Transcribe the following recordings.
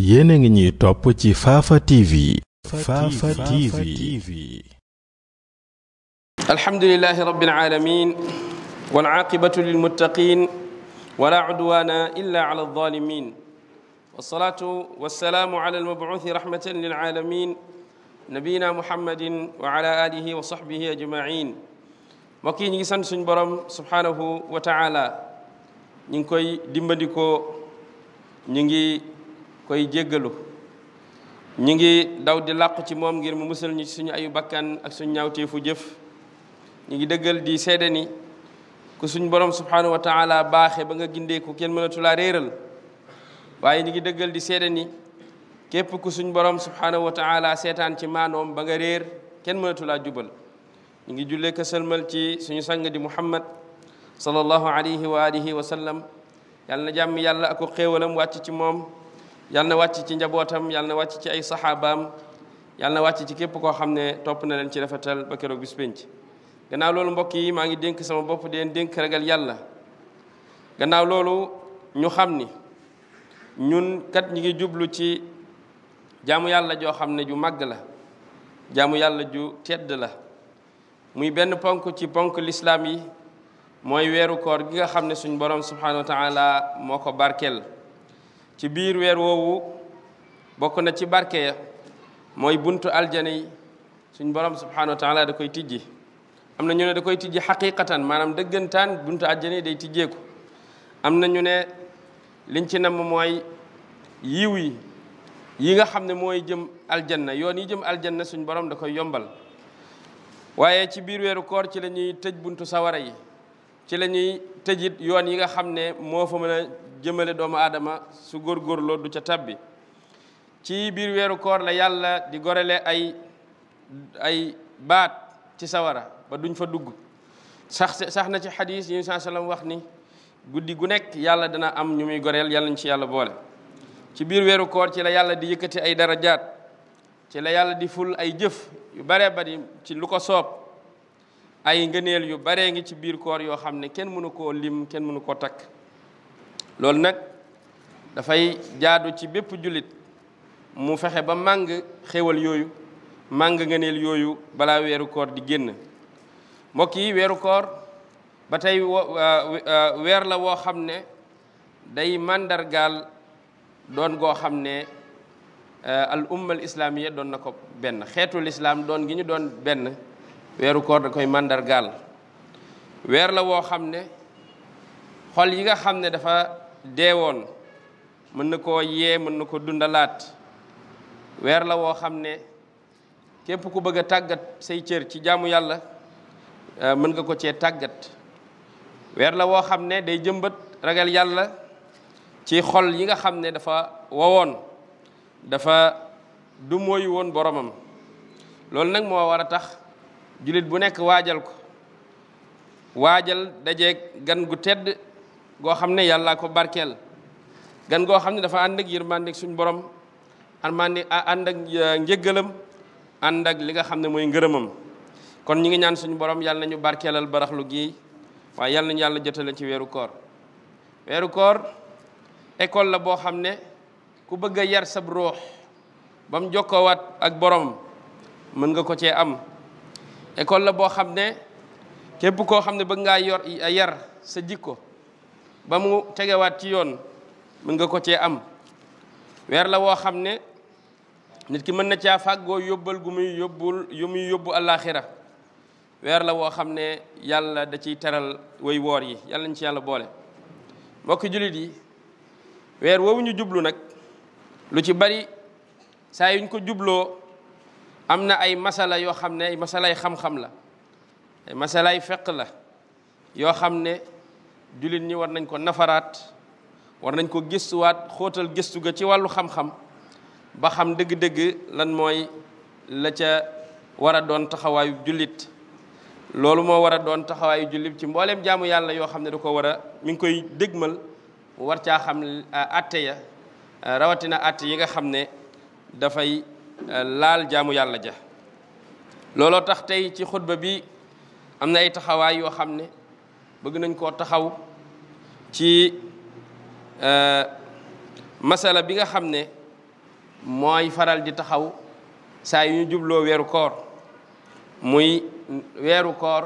yéen a ngi ñuy topp ci Fafa TV. Fafa TV. alhamdulilah rabbil aalamiin wal aaqibatu lil muttaqiin wala udwaana illa ala zaalimiin wasalaatu wasalaamu ala almabuuthi rahmatan lil aalamiin nabiyina muhammadin wa ala alihi wa sahbihi ajmaiin mbokk yi ñu ngi sant suñu borom subhaanahu wa taala ñu ngi koy dimbandikoo ñu ngi. koy jéggalu ñu ngi daw di làqu ci moom ngir mu musal ñu ci suñu ayu bakkan ak suñu ñaawteefu jëf ñu ngi dëggal di seede ni ku suñu borom subhanahu wa taala baaxe ba nga gindeeku kenn mënatulaa réeral waaye ñu ngi dëggal di seede képp ku suñu borom subhanahu wa taala seetaan ci maanoom ba nga réer kenn mënatulaa jubal ñu ngi jullee ka sëlmal ci suñu sang di muhammad sallallahu alayhi wa alihi wa sallam yàlla na jàmm yàlla ako xéewalam wàcc ci moom yal na wàcc ci njabootam yal na wàcc ci ay saxaabaam yal na wàcc ci képp koo xam ne topp na leen ci rafetal ba keroog bis pénc gannaaw loolu mbokk yi maa ngi dénk sama bopp di leen dénk ragal yàlla gannaaw loolu ñu xam ni ñun kat ñi ngi jublu ci jaamu yàlla joo xam ne ju màgg la jaamu yàlla ju tedd la muy benn ponk ci ponk lislaam yi mooy weeru koor gi nga xam ne suñ borom subhanahu wa taala moo ko barkeel ci biir weer woowu bokk na ci barke ya mooy bunt aljana suñ borom subhanahu wa da koy tijji am na ñu ne da koy tijji xaqiqatan maanaam dëggantaan bunt aljana yi day tijjeeku am na ñu ne liñ ci namm mooy yiw yi yi nga xam ne mooy jëm aljanna yoon yi jëm aljanna suñ borom da koy yombal waaye ci biir weeru koor ci lañuy tëj buntu sawara yi ci la tëjit yoon yi nga xam ne moo fa mën jëmale doomu aadama su góor góorgóorloo du ca tàbbi ci biir weeru koor la yàlla di gorele ay ay baat ci sawara ba duñ fa dugg sax sax na ci xadis yu saa sallam wax ni guddi gu nekk yàlla dana am ñu muy goreel yàlla ñu ci yàlla boole ci biir weeru koor ci la yàlla di yëkkati ay dara jaat ci la yàlla di ful ay jëf yu baree bari ci lu ko soob ay ngëneel yu baree ngi ci biir koor yoo xam ne kenn mënu koo lim kenn mënu koo takk loolu nag dafay jaadu ci bépp jullit mu fexe ba màng xewal yooyu màng ngëneel yooyu balaa weeru koor di génn mbokk yi weeru koor ba tey weer la woo xam ne day màndargaal doon goo xam ne eh, al umma al islamiya doon na ko benn xeetu islaam doon gi ñu doon benn weeru koor da koy màndargaal weer la woo xam ne xol yi nga xam ne dafa deewoon mën na koo yee mën na koo dundalaat weer la woo xam ne képp ku bëgg a tàggat say cër ci jaamu yàlla euh, mën nga ko cee tàggat weer la woo xam ne day jëmbat ragal yàlla ci xol yi nga xam ne dafa wowoon dafa du moyu woon boromam loolu nag moo war a tax jullit bu nekk waajal ko waajal dajeeg gan gu tedd goo xam ne yàllaa ko barkeel gan goo xam ne dafa ànd ak yërmandeeg suñu borom armandi ànd ak euh, njëggalam ànd ak li nga xam ne mooy ngërëmam kon ñu ngi ñaan suñu borom yàlla na ñu barkeelal baraxlu gi waaye yàlla nañu yàlla jote lañ ci weeru koor weeru koor école la boo xam ne ku bëgg a yar sab ruux ba mu jokkoowaat ak borom mën nga ko cee am école la boo xam ne képp koo xam ne bëgg ngaa yor yar sa jikko ba mu tegewaat ci yoon mën nga ko cee am weer la woo xam ne nit ki mën na caa fàggoo yóbbal gu muy yóbbul yu muy yóbbu àllaaxira weer la woo xam ne yàlla da ciy teral woy woor yi yàlla ñu ci yàlla boole mbokki jullit yi weer woowu ñu jublu nag lu ci bari saa yuñ ko jubloo am na ay masala yoo xam ne ay masalay xam la ay masalay feq la yoo xam ne jullit ñi war nañ ko nafaraat war nañ ko gëstuwaat xóotal gëstu ga ci wàllu xam-xam ba xam dëgg-dëgg lan mooy la ca war a doon taxawaayu jullit loolu moo war a doon taxawaayu jullit ci mbooleem jaamu yàlla yoo xam ne da ko war a mi ngi koy dégmal war caa xam euh, atte ya euh, rawatina atte yi nga xam ne dafay euh, laal jaamu yàlla ja looloo tax tey ci xutba bi am na ay taxawaay yoo xam ne bëgg nañ koo taxaw ci euh, masala bi nga xam ne mooy faral di taxaw saa yu ñu jubloo weeru koor muy weeru koor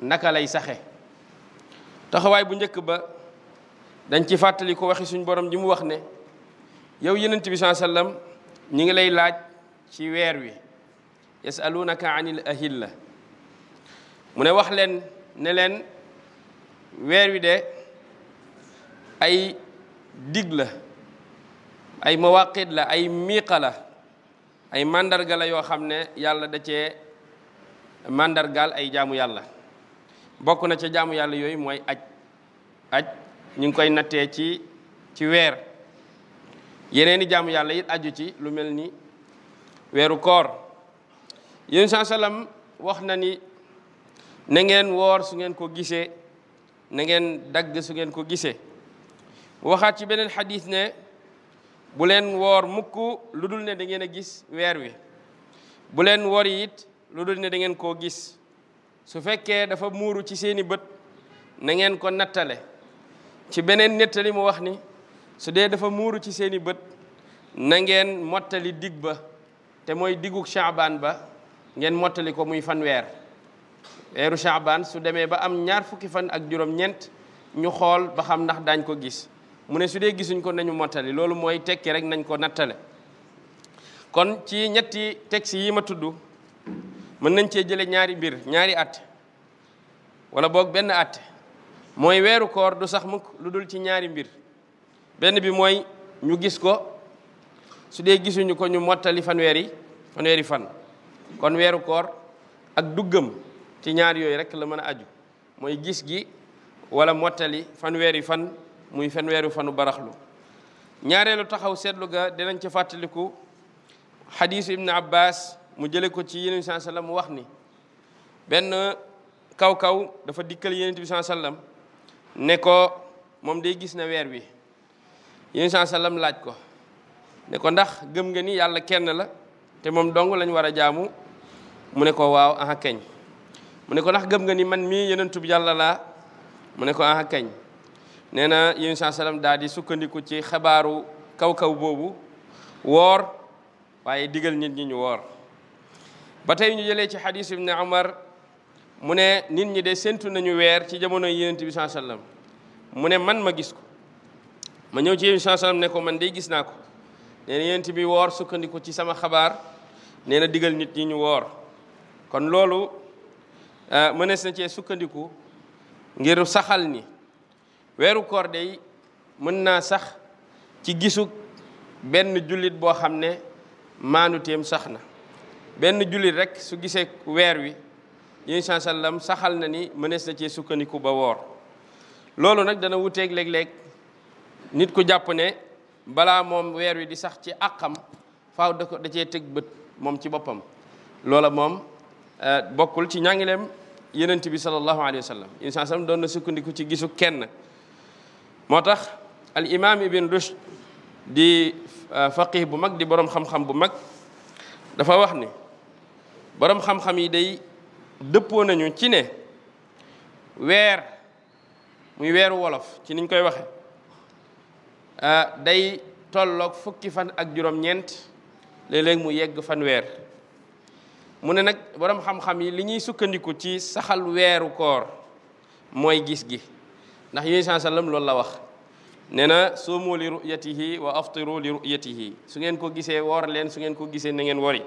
naka lay saxe taxawaay bu njëkk ba dañ ci fàttali ko waxi suñu borom ji mu wax ne yow yenent bi saa sallam ñi ngi lay laaj ci weer wi yasalunaka anil la mu ne wax leen ne leen weer wi de ay digg la ay mawaqit la ay miiqa la ay màndargala yoo xam ne yàlla da cee màndargal ay jaamu yàlla bokk na ca jaamu yàlla yooyu mooy aj aj ñu ngi koy nattee ci ci weer yeneeni jaamu yàlla it aju ci lu mel ni weeru koor yéen saa wax na ni na ngeen woor su ngeen ko gisee na ngeen dagg su ngeen ko gisee waxaat ci beneen xadis ne bu leen woor mukk lu dul ne da ngeen a gis weer wi bu leen woor yi ne da ngeen koo gis su fekkee dafa muuru ci seeni bët na ngeen ko nattale ci beneen nettali mu wax ni su dee dafa muuru ci seeni bët na ngeen mottali dig ba te mooy diggu caabaan ba ngeen mottali ko muy fanweer weeru Shaaban su demee ba am ñaar fukki fan ak juróom-ñeent ñu xool ba xam ndax daañ ko gis mu ne su dee gisuñ ko nañu mottali loolu mooy tekki rek nañ ko nattale kon ci ñetti texte yi ma mën nañ cee jële ñaari mbir ñaari at wala boog benn at mooy weeru koor sax mukk lu dul ci ñaari mbir benn bi mooy ñu gis ko su dee gisuñu ko ñu mottali fanweeri fanweeri fan kon weeru koor ak duggam ci ñaar yooyu rek la mën a aju mooy gis gi wala mottali fanweeri fan muy fanweeri fanu baraxlu ñaareelu taxaw seetlu ga dinañ ci fàttaliku xadiisu ibnu abbas mu jële ko ci yonent bi saa sallam mu wax ni benn kaw-kaw dafa dikkal yonent bi saa sallam ne ko moom day gis na weer wi yonent saa sallam laaj ko ne ko ndax gëm nga ni yàlla kenn la te moom dong lañ war a jaamu mu ne ko waaw aha mu ne ko ndax gëm nga ni man mii yonentu bi yàlla laa mu ne ko ah kañ nee na yéen saa daal di sukkandiku ci xabaaru kaw-kaw boobu woor waaye digal nit ñi ñu woor ba tey ñu jëlee ci xadis ibne Umar mu ne nit ñi de séntu nañu weer ci jamono yonent bi saa mu ne man ma gis ma ñëw ci yonent ne ko man de gis naa ko nee bi woor sukkandiku ci sama xabaar nee na digal nit ñi ñu woor kon loolu Eh, mënees na cee sukkandiku ngir saxal ni weeru koor day mën naa sax ci gisu benn jullit boo xam ne maanuteem sax na benn jullit rek su gisee weer wi incha sallam saxal na ni mënees na cee sukkandiku ba woor loolu nag dana wuteeg léeg-léeg nit ku jàpp ne balaa moom weer wi di sax ci àqam faaw da ko da cee tëg bët moom ci boppam loola moom Eh, bokkul ci ñàngileem yenent bi sallallahu alayhi wa sallam in sallam doon na sukkandiku ci gisu kenn moo tax al imam ibn rushd di eh, faqih bu mag di boroom xam-xam bu mag dafa wax ni boroom xam-xam yi day dëppoo nañu ci ne weer muy weeru wolof ci niñ koy waxe eh, day tolloog fukki fan ak juróom-ñeent léeg-léeg mu yegg fan weer mu ne nag borom xam-xam yi li ñuy sukkandiku ci saxal weeru koor mooy gis gi ndax yéen saa sallam loolu la wax nee na suumu li ru'yatihi wa aftiru li ru'yatihi su ngeen ko gisee woor leen su ngeen ko gisee na ngeen wori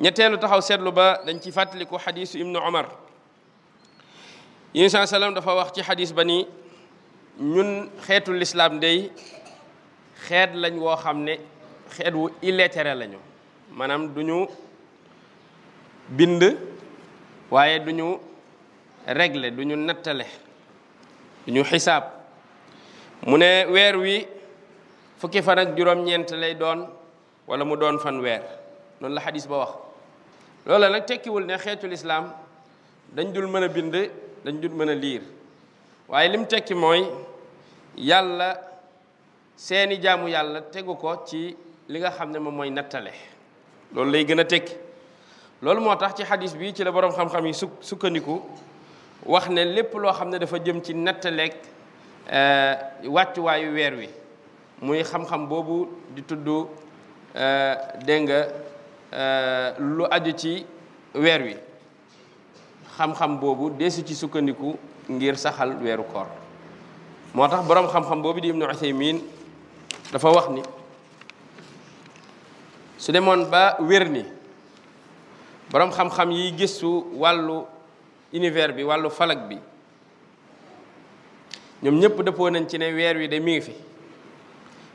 ñetteelu taxaw seetlu ba dañ ci fàttaliku xadiisu ibnu omar yéen saa sallam dafa wax ci xadis ba ni ñun xeetu lislaam day xeet lañ woo xam ne xeet wu illettré lañu maanaam duñu bind waaye du ñu régler du ñu nattale du ñu xisaab mu ne weer wi fukki fan ak juróom-ñeent lay doon wala mu doon fan weer noonu la xadis ba wax loola nag tekkiwul ne xeetul islaam dañ dul mën a bind dañ dul mën a liir waaye lim tekki mooy yàlla seeni jaamu yàlla tegu ko ci li nga xam ne moom mooy nattale loolu lay gën a tekki loolu moo tax ci xadis bi ci la boroom xam-xam yi suk sukkandiku wax ne lépp loo xam ne dafa jëm ci nettaleeg eh, wàccuwaayu weer wi muy xam-xam boobu di tudd eh, dégg nga eh, lu aju ci weer wi xam-xam boobu deesu ci sukkandiku ngir saxal weeru koor moo tax boroom xam-xam boobu di ibnu miin dafa wax ni su demoon ba wér ni boroom xam-xam yiy gëstu wàllu univers bi wàllu falag bi ñoom ñëpp dëppoo nañ ci ne weer wi de mi ngi fi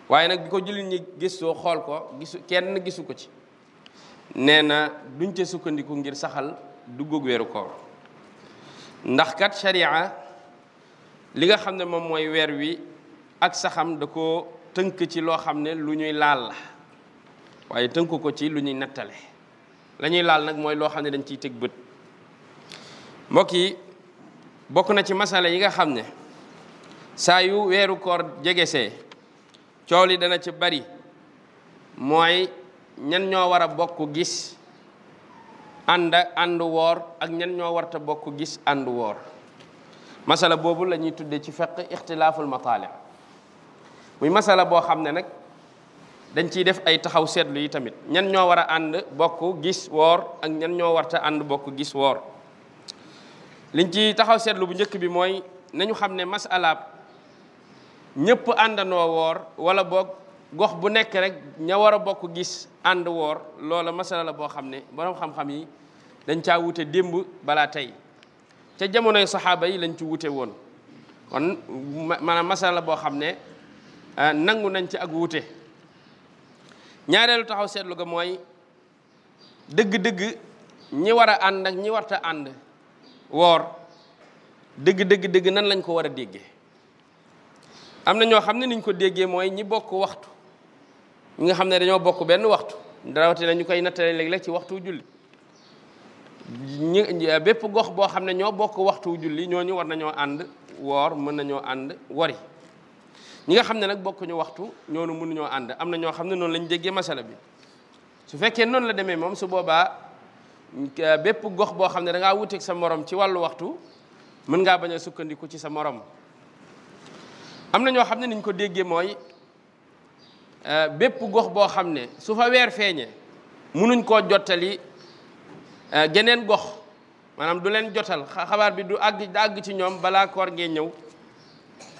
waaye nag bi ko jullit ñi gëstoo xool ko gisu kenn gisu ko ci nee na duñ ci sukkandiku ngir saxal duggug weeru koor ndax kat sharia li nga xam ne moom mooy weer wi ak saxam da ko tënk ci loo xam ne lu ñuy laal la waaye tënk ko ci lu ñuy nattale lañuy laal nag mooy loo xam ne dañ ciy teg bët mbokk yi bokk na ci masala yi nga xam ne saa yu weeru koor jegesee coow li dana ci bari mooy ñan ñoo war a bokk gis ànd ànd woor ak ñan ñoo warta bokk gis ànd masala boobu la ñuy tudde ci feq ixtilaaful mataalib muy masala boo xam ne nag dañ ciy def ay taxaw seetlu yi tamit ñan ñoo war a ànd bokk gis woor ak ñan ñoo warta ànd bokk gis woor liñ ci taxaw seetlu bu njëkk bi mooy nañu xam ne masalaab ñëpp àndandoo woor wala boog gox bu nekk rek ña war a bokk gis ànd woor loola masala la boo xam ne boroom xam-xam yi dañ caa wute démb balaa tey ca jamonoy saxaaba yi lañ ci wute woon kon maanaam masala la boo xam ne ah, nangu nañ ci ak wute ñaareelu taxaw seetlu ga mooy dëgg-dëgg ñi war a ànd ak ñi warta ànd woor dëgg-dëgg dëgg nan lañ ko war a déggee am na ñoo xam ne nuñ ko déggee mooy ñi bokk waxtu ñi nga xam ne dañoo bokk benn waxtu rawatina ñu koy nattale léeg-léeg ci waxtu julli ñi bépp gox boo xam ne ñoo bokk waxtu julli ñooñu war nañoo ànd woor mën nañoo ànd wori ñi nga xam ne nag bokkuñu waxtu ñoonu mënuñoo ànd am na ñoo xam ne noonu lañ déggee masala bi su fekkee noonu la demee moom su boobaa euh, bépp gox boo xam ne da ngaa sa morom ci wàllu waxtu mën ngaa bañ a sukkandiku ci sa morom am na ñoo xam ne niñ ko déggee mooy euh, bépp gox boo xam ne su fa weer feeñee nuñ koo jottali euh, geneen gox maanaam du leen jotal xabaar bi du àgg du àgg ci ñoom balaa koor ngee ñëw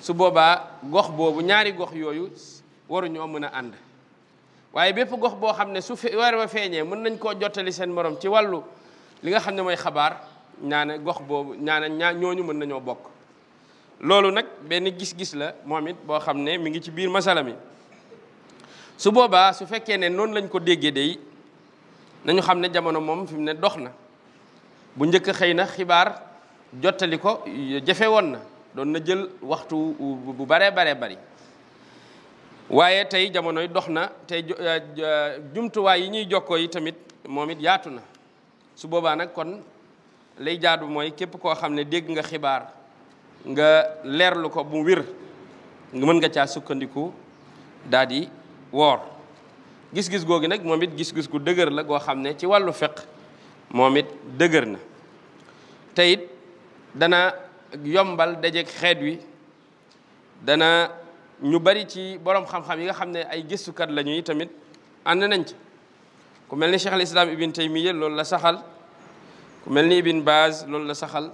su boobaa gox boobu ñaari gox yooyu waruñoo mën a ànd waaye bépp gox boo xam ne su fe weer feeñee mën nañ koo jottali seen moroom ci wàllu li nga xam ne mooy xabaar ñaane gox boobu ñaane ñaa ñooñu mën nañoo bokk loolu nag benn gis-gis la moom it boo xam ne mi ngi ci biir masala mi su boobaa su fekkee ne noonu lañ ko déggee day nañu xam ne jamono moom fi mu ne dox na bu njëkk xëy na xibaar jottali ko jafe woon na doon na jël waxtu bu baree baree bari waaye tey jamonoy dox na tey eh, jumtuwaay yi ñuy jokkoo yi tamit moom it yaatu na su boobaa nag kon lay jaadu mooy képp koo xam ne dégg nga xibaar nga leerlu ko bu wér nga mën nga caa sukkandiku daal woor gis-gis googu nag moom it gis-gis gu dëgër la goo xam ne ci wàllu feq moom it dëgër na te dana yombal dajeeg xeet wi dana ñu bari ci boroom xam-xam yi nga xam ne ay gëstukat la ñuy tamit ànd nañ ci ku mel ni Cheikh al Islam Ibn Taymiya loolu la saxal ku mel ni Ibn Baaz loolu la saxal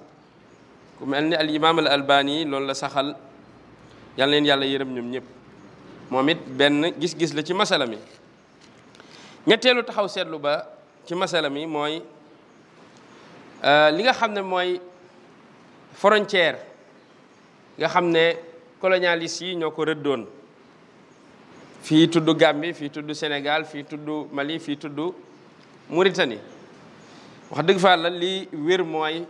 ku mel ni al imaam al Albani loolu la saxal yal leen yàlla yërëm ñoom ñëpp moom it benn gis-gis la ci masala mi ñetteelu taxaw seetlu ba ci masala mi mooy euh, li nga xam ne mooy frontière nga xam ne colonialiste yi ñoo ko rëddoon fi tudd Gambie fii tudd Sénégal fii tudd Mali fi tudd muritani wax dëgg fa la li wér mooy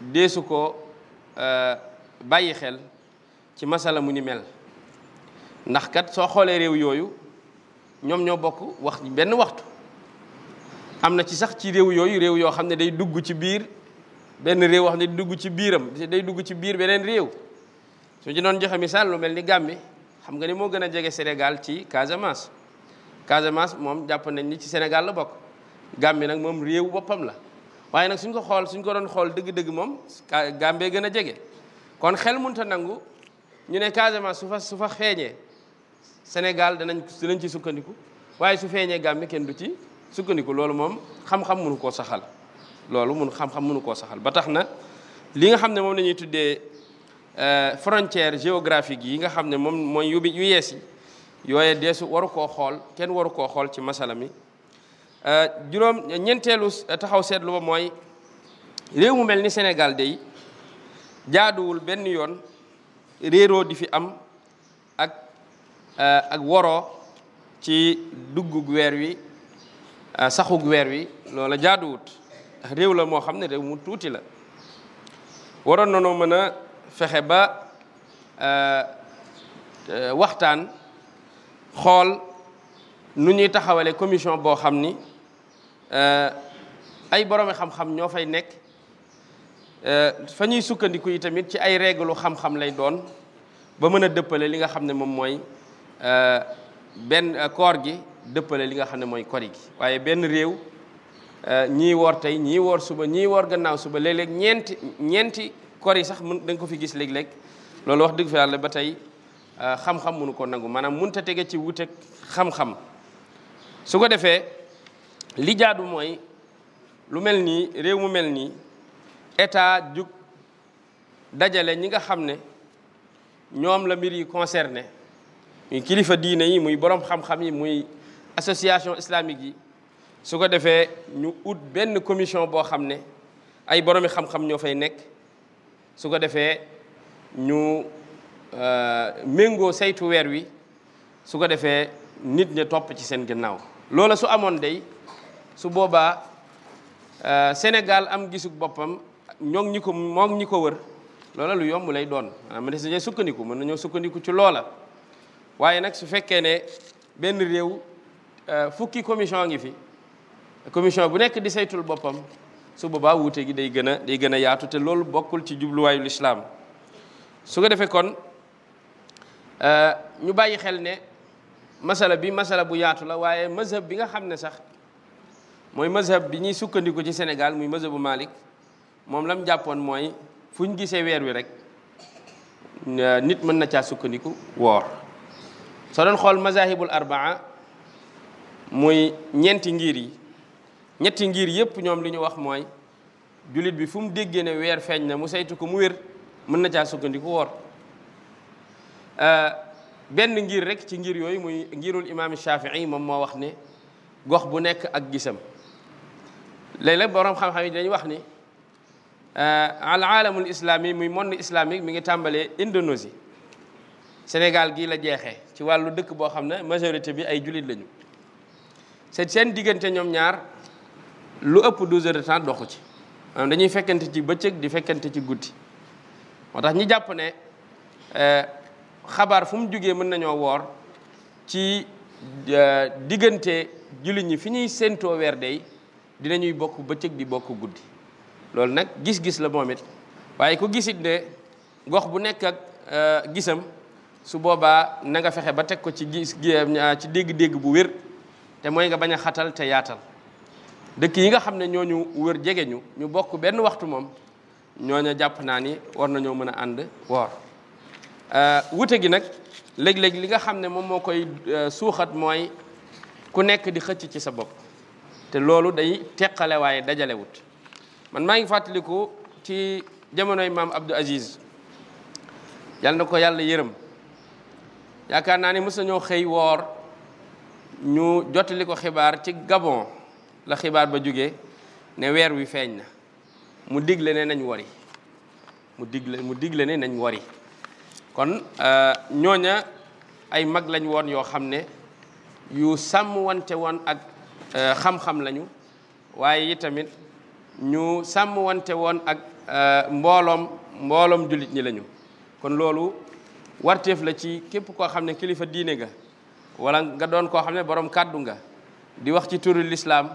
deesu ko euh, bàyyi xel ci masala mu ni mel ndax kat soo xoolee réew yooyu ñoom ñoo bokk wax benn waxtu am na ci sax ci réew yooyu réew yoo xam ne day dugg ci biir benn réew wax ne dugg ci biiram day dugg ci biir beneen réew su ci doon joxe misaal lu mel ni Gàmbi xam nga ni moo gën a jege Sénégal ci Casamance Casamance moom jàpp nañ ni ci Sénégal la bokk Gàmbi nag moom réew boppam la waaye nag suñ ko xool suñ ko doon xool dëgg-dëgg moom Gàmbee gën a jege kon xel munta nangu ñu ne Casamance su fa su feeñee Sénégal danañ danañ ci sukkandiku waaye su feeñee Gàmbi kenn du ci sukkandiku loolu moom xam-xam mënu koo saxal loolu mun xam-xam mënu koo saxal ba tax na li nga xam ne moom la ñuy tuddee euh, frontière géographique yi nga xam ne moom mooy yu bi yu yees yi yooye deesu waru koo xool kenn waru koo xool ci masala mi euh, juróom taxaw seetlu mooy réew mu mel ni Sénégal day jaaduwul benn yoon réeroo di fi am ak euh, ak woroo ci duggug weer wi saxug weer wi loola jaaduwut réew la moo xam ne réew mu tuuti la waroon na noo mën a fexe ba euh, euh, waxtaan xool nu ñuy taxawale commission boo xam ni euh, ay boroomi xam-xam ñoo fay nekk fa ñuy sukkandiku yi tamit ci ay règle xam-xam lay doon ba mën a dëppale li nga xam ne moom mooy benn koor gi dëppale li nga xam ne mooy kori gi waaye benn réew Euh, ñii woor tey ñii woor suba ñii woor gannaaw suba léeg-léeg ñeenti ñeenti kor yi sax mun da ko fi gis léeg loolu wax dëgg fa yàlla ba tey euh, xam-xam mënu ko nangu maanaam mënut a tege ci wuteeg xam-xam su ko defee li jaadu mooy lu mel nii réew mu mel nii état jug dajale ñi nga xam ne ñoom la mbir yi concerné muy kilifa diine yi muy borom xam-xam yi muy association islamique yi su ko defee ñu ut benn commission boo xam ne ay boroomi xam-xam ñoo fay nekk su ko defee ñu euh, méngoo seytu weer wi su ko defee nit ña topp ci seen ginnaaw. loola su amoon day su boobaa euh, Sénégal am gisug boppam ñoom ñi ko moom ñi ko wër loola lu yomb lay doon maanaam mën nañoo sukkandiku mën nañoo sukkandiku ci loola waaye nag su fekkee ne benn réew euh, fukki commission ngi fi. commission bu nekk di saytul boppam su boobaa wuute gi day gën a day gën a yaatu te loolu bokkul ci jubluwaayu lislaam su ko defee kon euh, ñu bàyyi xel ne masala bi masala bu yaatu la waaye mazhab bi nga xam ne sax mooy mazhab bi ñuy sukkandiku ci Sénégal muy mazhabu Malik moom lam jàppoon mooy fu ñu gisee weer wi rek euh, nit mën na caa sukkandiku woor soo doon xool mazahibul arbaa muy ñeenti ngiir yi ñetti ngir yépp ñoom li ñu wax mooy jullit bi fu mu déggee weer feeñ na mu saytu ko mu wér mën na caa sukkandiku woor euh, benn ngir rek ci ngir yooyu muy ngirul imaam Shafii moom moo wax ni gox bu nekk ak gisam léeg-léeg borom xam-xam yi dañuy wax ni euh, al aalamul islami muy monde islamique mi ngi tàmbalee Indonésie Sénégal gii la jeexee ci wàllu dëkk boo xam ne majorité bi ay jullit lañu ñu seen diggante ñoom ñaar. lu ëpp 12 heures de doxu ci maanaam dañuy fekkante ci bëccëg di fekkante ci guddi moo tax ñi jàpp ne euh, xabaar fu mu jógee mën nañoo woor ci euh, diggante jullit ñi fi ñuy séentoo weer day dinañuy bokk bëccëg di bokk guddi loolu nag gis-gis la moom it waaye ku gisit ne gox bu nekk ak euh, gisam su boobaa nanga fexe ba teg ko ci gis ci dégg-dégg bu wér te mooy nga bañ a xatal te yaatal dëkk yi nga xam ne ñooñu wër jege ñu ñu bokk benn waxtu moom ñooñu jàpp naa ni war nañoo mën a ànd woor euh, wute gi nag léeg li nga xam ne moom moo koy euh, suuxat mooy ku nekk di xëcc ci sa bopp te loolu day teqale waaye dajalewut man maa ngi fàttaliku ci jamonoy maam Abdou Aziz yal na ko yàlla yërëm yaakaar naa ni mës nañoo xëy woor ñu jottali ko xibaar ci Gabon. la xibaar ba jógee ne weer wi feeñ na mu digle ne nañ wori mu digle mu digle nañ wari kon euh, ñooña ay mag lañ woon yoo xam ne yu sàmm wante woon ak euh, xam-xam lañu waaye yi tamit ñu sàmm wante woon ak euh, mbooloom mbooloom jullit ñi lañu kon loolu warteef la ci képp koo xam ne kilifa diine nga wala nga doon koo xam ne borom kàddu nga di wax ci turu lislaam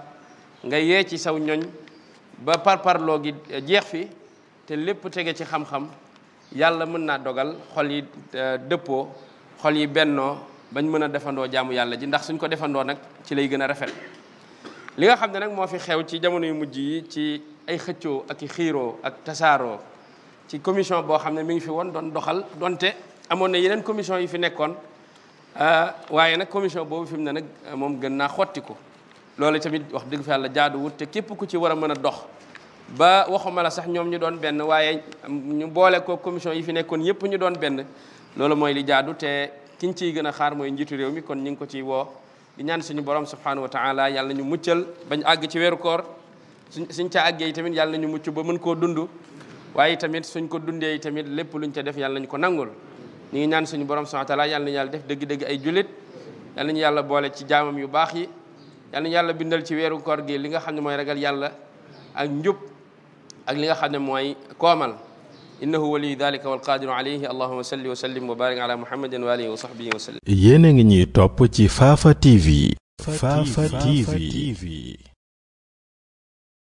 nga yee ci saw ñoñ ba par parparloo gi eh, jeex fi te lépp tege ci xam-xam yàlla mën naa dogal xol yi eh, dëppoo xol yi bennoo bañ mën a defandoo jaamu yàlla ji ndax suñ ko defandoo nag ci lay gën a rafet li nga xam ne nag moo fi xew ci jamono yu mujj yi ci ay xëccoo ak i xiiroo ak tasaaroo ci commission boo xam ne mi ngi fi woon doon doxal donte amoon na yeneen commission yi fi nekkoon eh, waaye nag commission boobu fi mu ne nag moom gën naa xottiku loole tamit wax dëgg fa yàlla jaaduwut te képp ku ci war a mën a dox ba waxuma la sax ñoom ñu doon benn waaye ñu boole ko commission yi fi nekkoon yépp ñu doon benn loolu mooy li jaadu te kiñ ciy gën a xaar mooy njiitu réew mi kon ñu ngi ko ci woo di ñaan suñu borom subhanahu wa taala yàlla ñu muccal bañ àgg ci weeru suñ suñ ca àggee tamit yàlla ñu mucc ba mën koo dund waaye tamit suñ ko dundee yi tamit lépp luñ ca def yàlla ñu ko nangul ñu ngi ñaan suñu borom subhanahu wa taala yàlla yàlla def dëgg-dëgg ay jullit yàlla ñu yàlla boole ci jaamam yu baax yi yal nañu yàlla bindal ci weeru kor gi li nga xam ne mooy ragal yàlla ak njub ak li nga xam ne mooy koomal innahu waliyu dalika wal qaadiru alayhi allahuma salli wa sallim wa barik ala muhammadin wa alihi wa sahbihi wa sallim yéen ngi ñuy topp ci Fafa TV